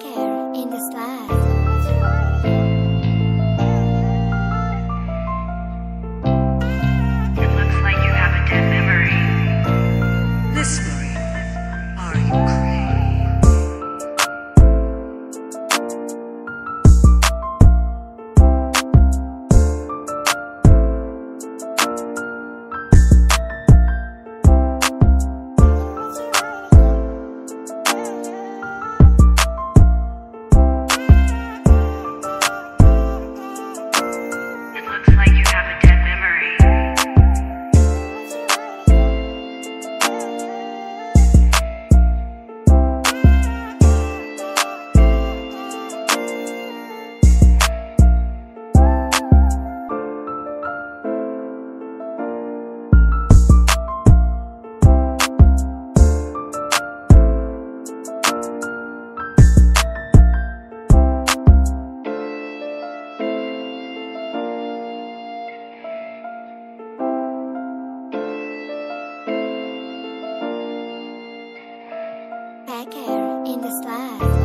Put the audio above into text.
care in this life. slide.